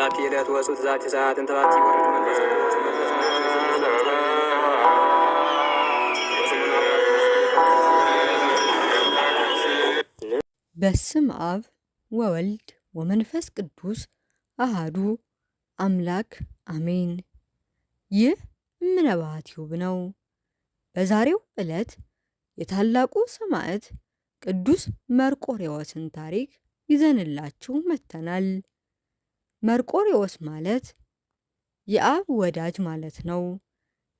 በዛቲ ዕለት ወሱት ዛቲ ሰዓት እንተባት ይወርድ በስም አብ ወወልድ ወመንፈስ ቅዱስ አሃዱ አምላክ አሜን። ይህ ምነባት ይሁብ ነው። በዛሬው ዕለት የታላቁ ሰማዕት ቅዱስ መርቆሬዎስን ታሪክ ይዘንላችሁ መጥተናል። መርቆሪዎስ ማለት የአብ ወዳጅ ማለት ነው።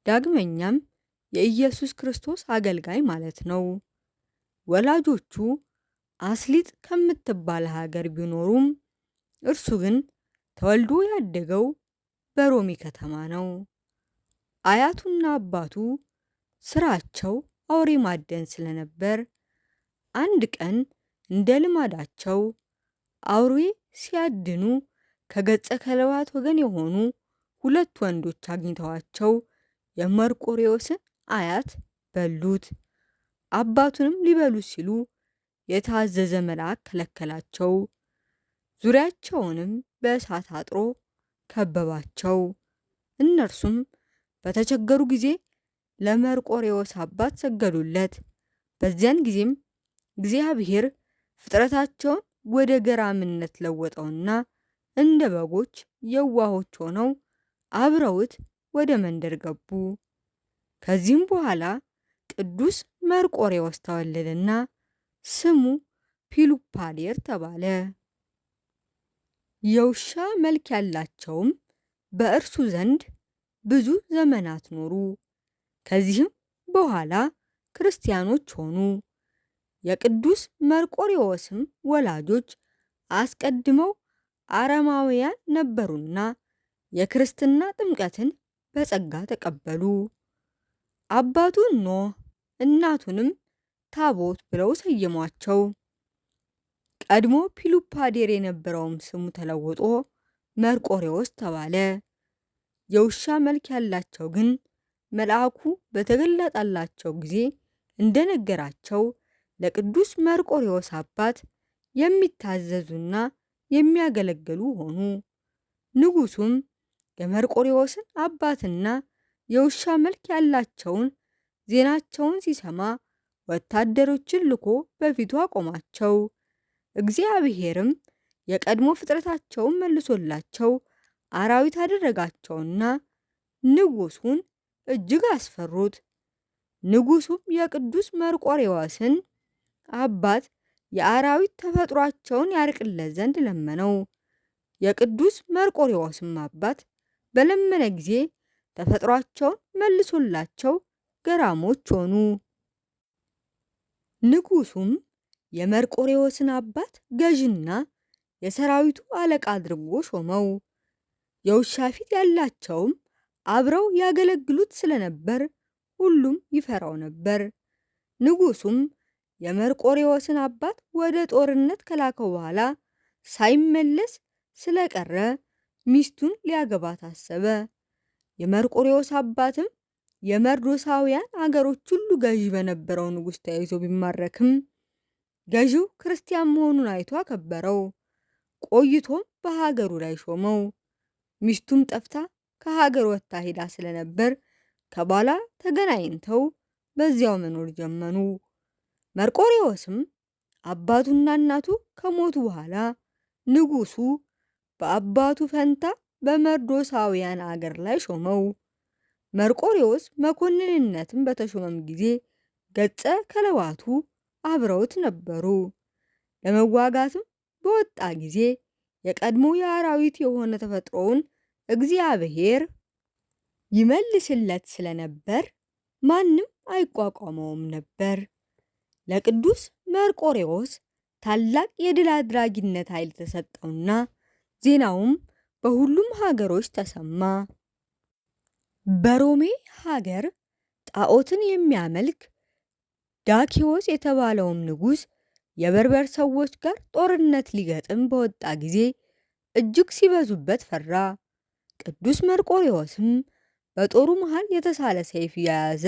ዳግመኛም የኢየሱስ ክርስቶስ አገልጋይ ማለት ነው። ወላጆቹ አስሊጥ ከምትባል ሀገር ቢኖሩም እርሱ ግን ተወልዶ ያደገው በሮሚ ከተማ ነው። አያቱና አባቱ ስራቸው አውሬ ማደን ስለነበር አንድ ቀን እንደ ልማዳቸው አውሬ ሲያድኑ ከገጸ ከለባት ወገን የሆኑ ሁለት ወንዶች አግኝተዋቸው የመርቆሬዎስን አያት በሉት። አባቱንም ሊበሉ ሲሉ የታዘዘ መልአክ ከለከላቸው። ዙሪያቸውንም በእሳት አጥሮ ከበባቸው። እነርሱም በተቸገሩ ጊዜ ለመርቆሬዎስ አባት ሰገዱለት። በዚያን ጊዜም እግዚአብሔር ፍጥረታቸውን ወደ ገራምነት ለወጠውና እንደ በጎች የዋሆች ሆነው አብረውት ወደ መንደር ገቡ። ከዚህም በኋላ ቅዱስ መርቆሬዎስ ተወለደና ስሙ ፒሉፓሌር ተባለ። የውሻ መልክ ያላቸውም በእርሱ ዘንድ ብዙ ዘመናት ኖሩ። ከዚህም በኋላ ክርስቲያኖች ሆኑ። የቅዱስ መርቆሬዎስም ወላጆች አስቀድመው አረማውያን ነበሩና የክርስትና ጥምቀትን በጸጋ ተቀበሉ። አባቱን ኖህ እናቱንም ታቦት ብለው ሰየሟቸው። ቀድሞ ፒሉፓዴር የነበረውም ስሙ ተለውጦ መርቆሬዎስ ተባለ። የውሻ መልክ ያላቸው ግን መልአኩ በተገለጠላቸው ጊዜ እንደነገራቸው ለቅዱስ መርቆሬዎስ አባት የሚታዘዙና የሚያገለግሉ ሆኑ። ንጉሱም የመርቆሪዎስን አባትና የውሻ መልክ ያላቸውን ዜናቸውን ሲሰማ ወታደሮችን ልኮ በፊቱ አቆማቸው። እግዚአብሔርም የቀድሞ ፍጥረታቸውን መልሶላቸው አራዊት አደረጋቸውና ንጉሱን እጅግ አስፈሩት። ንጉሱም የቅዱስ መርቆሬዎስን አባት የአራዊት ተፈጥሯቸውን ያርቅለት ዘንድ ለመነው። የቅዱስ መርቆሬዎስም አባት በለመነ ጊዜ ተፈጥሯቸውን መልሶላቸው ገራሞች ሆኑ። ንጉሱም የመርቆሬዎስን አባት ገዥና የሰራዊቱ አለቃ አድርጎ ሾመው። የውሻ ፊት ያላቸውም አብረው ያገለግሉት ስለነበር ሁሉም ይፈራው ነበር። ንጉሱም የመርቆሬዎስን አባት ወደ ጦርነት ከላከው በኋላ ሳይመለስ ስለቀረ ሚስቱን ሊያገባ ታሰበ። የመርቆሬዎስ አባትም የመርዶሳውያን አገሮች ሁሉ ገዢ በነበረው ንጉሥ ተያይዞ ቢማረክም ገዢው ክርስቲያን መሆኑን አይቶ አከበረው። ቆይቶም በሀገሩ ላይ ሾመው። ሚስቱም ጠፍታ ከሀገር ወጥታ ሄዳ ስለነበር ከባሏ ተገናኝተው በዚያው መኖር ጀመኑ። መርቆሬዎስም አባቱና እናቱ ከሞቱ በኋላ ንጉሱ በአባቱ ፈንታ በመርዶሳውያን አገር ላይ ሾመው። መርቆሬዎስ መኮንንነትን በተሾመም ጊዜ ገጸ ከለዋቱ አብረውት ነበሩ። ለመዋጋትም በወጣ ጊዜ የቀድሞ የአራዊት የሆነ ተፈጥሮውን እግዚአብሔር ይመልስለት ስለነበር ማንም አይቋቋመውም ነበር። ለቅዱስ መርቆሬዎስ ታላቅ የድል አድራጊነት ኃይል ተሰጠውና ዜናውም በሁሉም ሀገሮች ተሰማ። በሮሜ ሀገር ጣዖትን የሚያመልክ ዳኪዎስ የተባለውም ንጉሥ የበርበር ሰዎች ጋር ጦርነት ሊገጥም በወጣ ጊዜ እጅግ ሲበዙበት ፈራ። ቅዱስ መርቆሬዎስም በጦሩ መሃል የተሳለ ሰይፍ የያዘ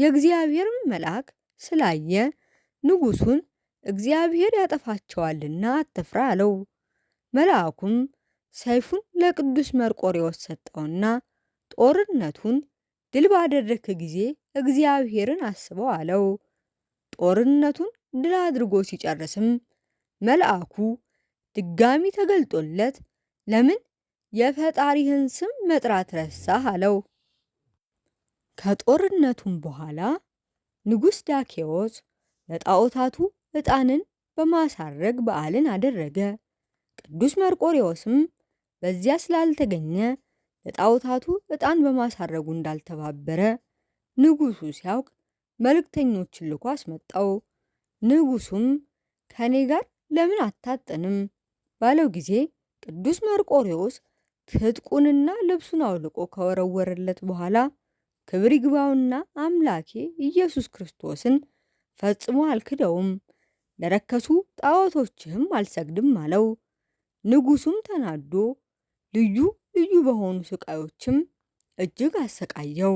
የእግዚአብሔር መልአክ ስላየ ንጉሱን እግዚአብሔር ያጠፋቸዋልና አትፍራ አለው። መልአኩም ሰይፉን ለቅዱስ መርቆሬዎስ ሰጠውና ጦርነቱን ድል ባደረክ ጊዜ እግዚአብሔርን አስበው አለው። ጦርነቱን ድል አድርጎ ሲጨርስም መልአኩ ድጋሚ ተገልጦለት ለምን የፈጣሪህን ስም መጥራት ረሳህ? አለው። ከጦርነቱም በኋላ ንጉሥ ዳኬዎስ ለጣዖታቱ ዕጣንን በማሳረግ በዓልን አደረገ። ቅዱስ መርቆሬዎስም በዚያ ስላልተገኘ ለጣዖታቱ ዕጣን በማሳረጉ እንዳልተባበረ ንጉሱ ሲያውቅ መልእክተኞችን ልኮ አስመጣው። ንጉሱም ከእኔ ጋር ለምን አታጠንም ባለው ጊዜ ቅዱስ መርቆሬዎስ ትጥቁንና ልብሱን አውልቆ ከወረወረለት በኋላ ክብር ይግባውና አምላኬ ኢየሱስ ክርስቶስን ፈጽሞ አልክደውም፣ ለረከሱ ጣዖቶችህም አልሰግድም አለው። ንጉሱም ተናዶ ልዩ ልዩ በሆኑ ስቃዮችም እጅግ አሰቃየው።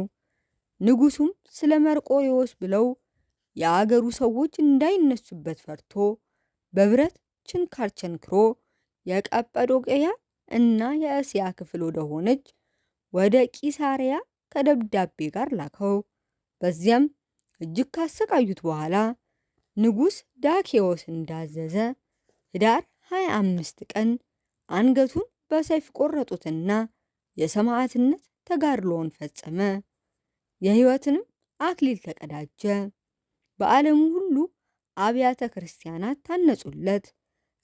ንጉሱም ስለ መርቆሬዎስ ብለው የአገሩ ሰዎች እንዳይነሱበት ፈርቶ በብረት ችንካር ቸንክሮ የቀጰዶቅያ እና የእስያ ክፍል ወደሆነች ወደ ቂሳሪያ ከደብዳቤ ጋር ላከው። በዚያም እጅግ ካሰቃዩት በኋላ ንጉሥ ዳኬዎስ እንዳዘዘ ህዳር 25 ቀን አንገቱን በሰይፍ ቆረጡትና የሰማዕትነት ተጋድሎውን ፈጸመ። የሕይወትንም አክሊል ተቀዳጀ። በዓለሙ ሁሉ አብያተ ክርስቲያናት ታነጹለት።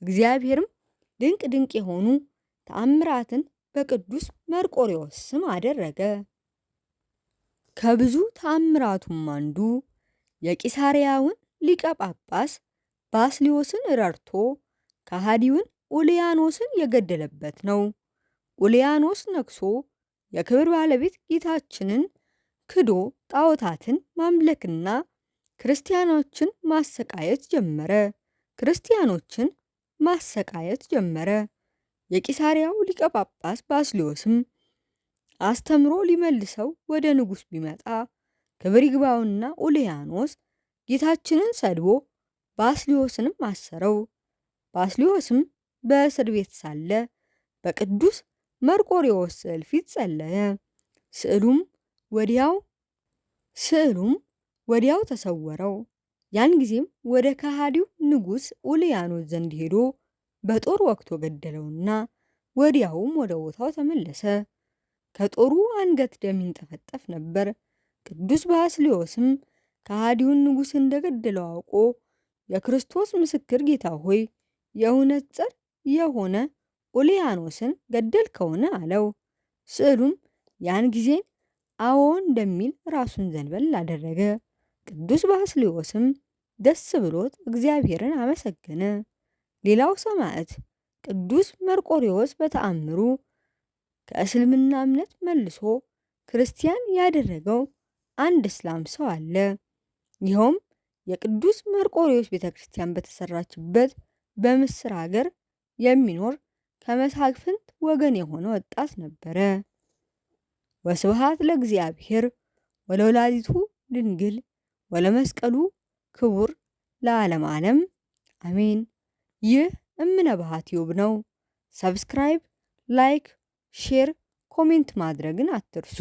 እግዚአብሔርም ድንቅ ድንቅ የሆኑ ተአምራትን በቅዱስ መርቆሪዎስ ስም አደረገ። ከብዙ ተአምራቱም አንዱ የቂሳርያውን ሊቀ ጳጳስ ባስሊዮስን ረድቶ ከሃዲውን ኡልያኖስን የገደለበት ነው። ኡልያኖስ ነግሶ የክብር ባለቤት ጌታችንን ክዶ ጣዖታትን ማምለክና ክርስቲያኖችን ማሰቃየት ጀመረ። ክርስቲያኖችን ማሰቃየት ጀመረ። የቂሳሪያው ሊቀ ጳጳስ ባስሊዮስም አስተምሮ ሊመልሰው ወደ ንጉሥ ቢመጣ ክብር ይግባውና ኡልያኖስ ጌታችንን ሰድቦ ባስሊዮስንም አሰረው። ባስሊዮስም በእስር ቤት ሳለ በቅዱስ መርቆሪዎስ ስዕል ፊት ጸለየ። ስዕሉም ወዲያው ስዕሉም ወዲያው ተሰወረው። ያን ጊዜም ወደ ከሃዲው ንጉሥ ኡልያኖስ ዘንድ ሄዶ በጦር ወቅቶ ገደለውና ወዲያውም ወደ ቦታው ተመለሰ። ከጦሩ አንገት ደም ይንጠፈጠፍ ነበር። ቅዱስ ባስሊዮስም ከሃዲውን ንጉሥ እንደገደለው አውቆ የክርስቶስ ምስክር ጌታ ሆይ የእውነት ጸር የሆነ ኦሊያኖስን ገደል ከሆነ አለው። ስዕሉም ያን ጊዜን አዎ እንደሚል ራሱን ዘንበል አደረገ። ቅዱስ ባስሊዮስም ደስ ብሎት እግዚአብሔርን አመሰገነ። ሌላው ሰማዕት ቅዱስ መርቆሪዎስ በተአምሩ ከእስልምና እምነት መልሶ ክርስቲያን ያደረገው አንድ እስላም ሰው አለ። ይኸውም የቅዱስ መርቆሪዎስ ቤተ ክርስቲያን በተሰራችበት በምስር ሀገር የሚኖር ከመሳፍንት ወገን የሆነ ወጣት ነበረ። ወስብሃት ለእግዚአብሔር ወለወላዲቱ ድንግል ወለመስቀሉ ክቡር ለዓለም ዓለም አሜን። ይህ እምነ ባህት ዩቲዩብ ነው። ሰብስክራይብ፣ ላይክ ሼር፣ ኮሜንት ማድረግን አትርሱ።